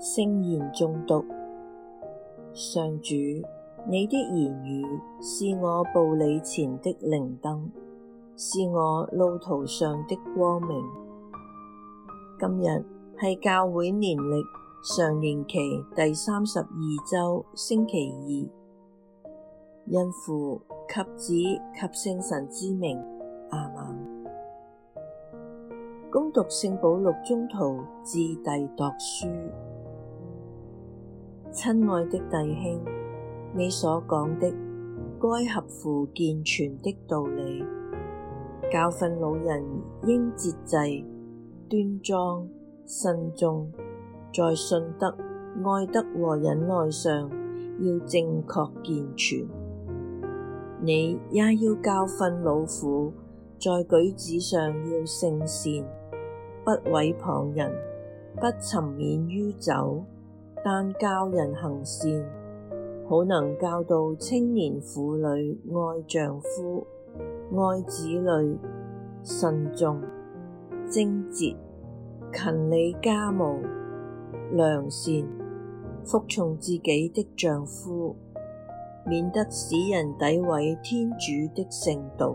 聖言誦讀。上主，你的言語是我步履前的靈燈，是我路途上的光明。今日係教會年曆常年期第三十二周星期二，因父及子及聖神之名，阿們。恭讀聖保祿宗徒，致弟鐸書。親愛的弟兄，你所講的，該合乎健全的道理，教訓老人應節制、端莊、慎重，在信德、愛德和忍耐上要正確健全。你也要教訓老婦，在舉止上要聖善，不毀謗人，不沉湎於酒。但教人行善，好能教導青年婦女愛丈夫、愛子女、慎重、貞節、勤理家務、良善、服從自己的丈夫，免得使人詆毀天主的聖道。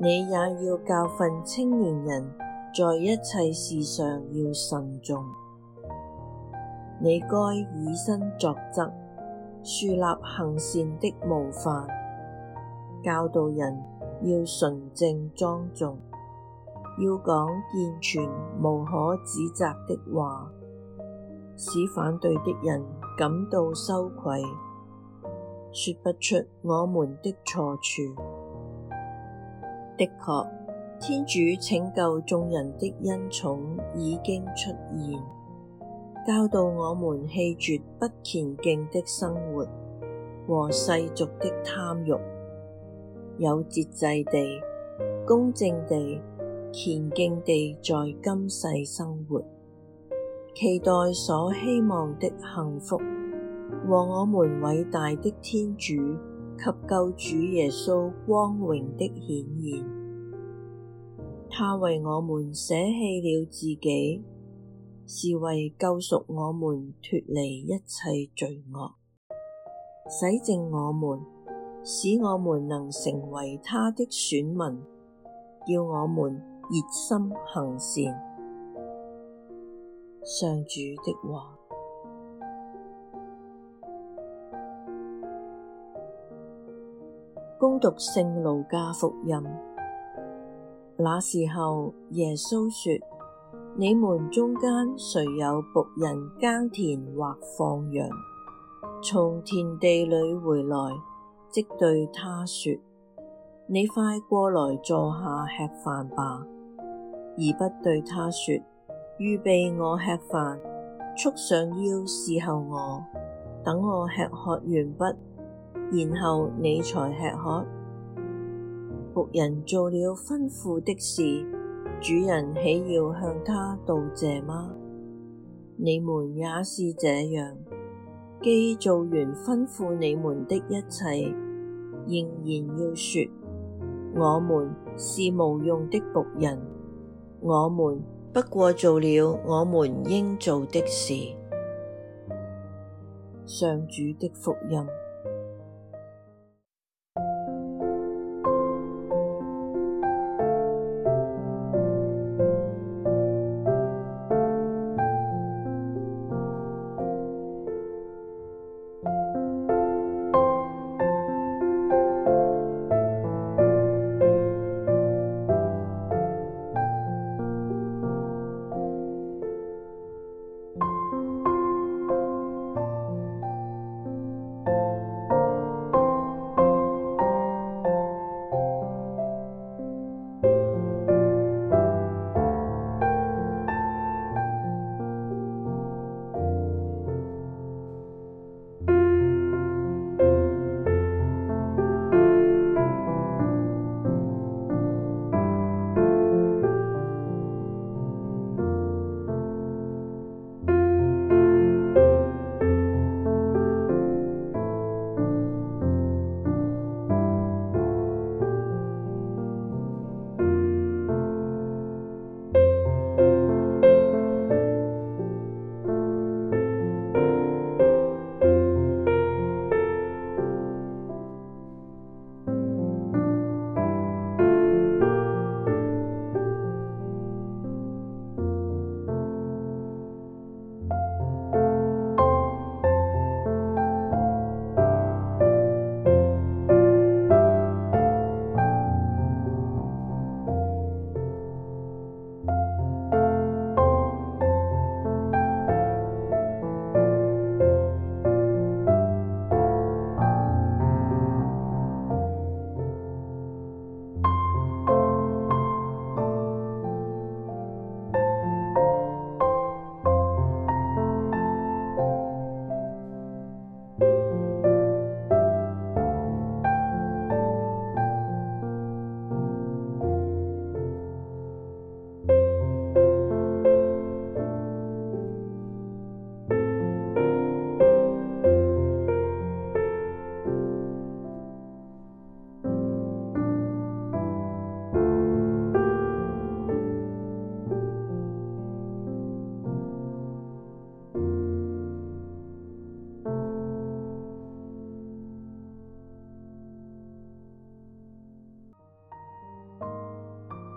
你也要教訓青年人，在一切事上要慎重。你該以身作則，樹立行善的模範，教導人要純正莊重，要講健全無可指摘的話，使反對的人感到羞愧，說不出我們的錯處。的確，天主拯救眾人的恩寵已經出現。教導我們棄絕不虔敬的生活和世俗的貪慾，有節制地、公正地、虔敬地在今世生活，期待所希望的幸福，和我們偉大的天主及救主耶穌光榮的顯現。他為我們捨棄了自己。是為救贖我們脱離一切罪惡，洗淨我們，使我們能成為他的選民，叫我們熱心行善。上主的話，恭讀聖路加福音，那時候耶穌說。你們中間誰有僕人耕田或放羊？從田地裏回來，即對他說：你快過來坐下吃飯吧，而不對他說：預備我吃飯，束上腰伺候我，等我吃喝完畢，然後你才吃喝。僕人做了吩咐的事。主人豈要向他道謝嗎？你們也是這樣，既做完吩咐你們的一切，仍然要說：我們是無用的僕人，我們不過做了我們應做的事。—上主的福音。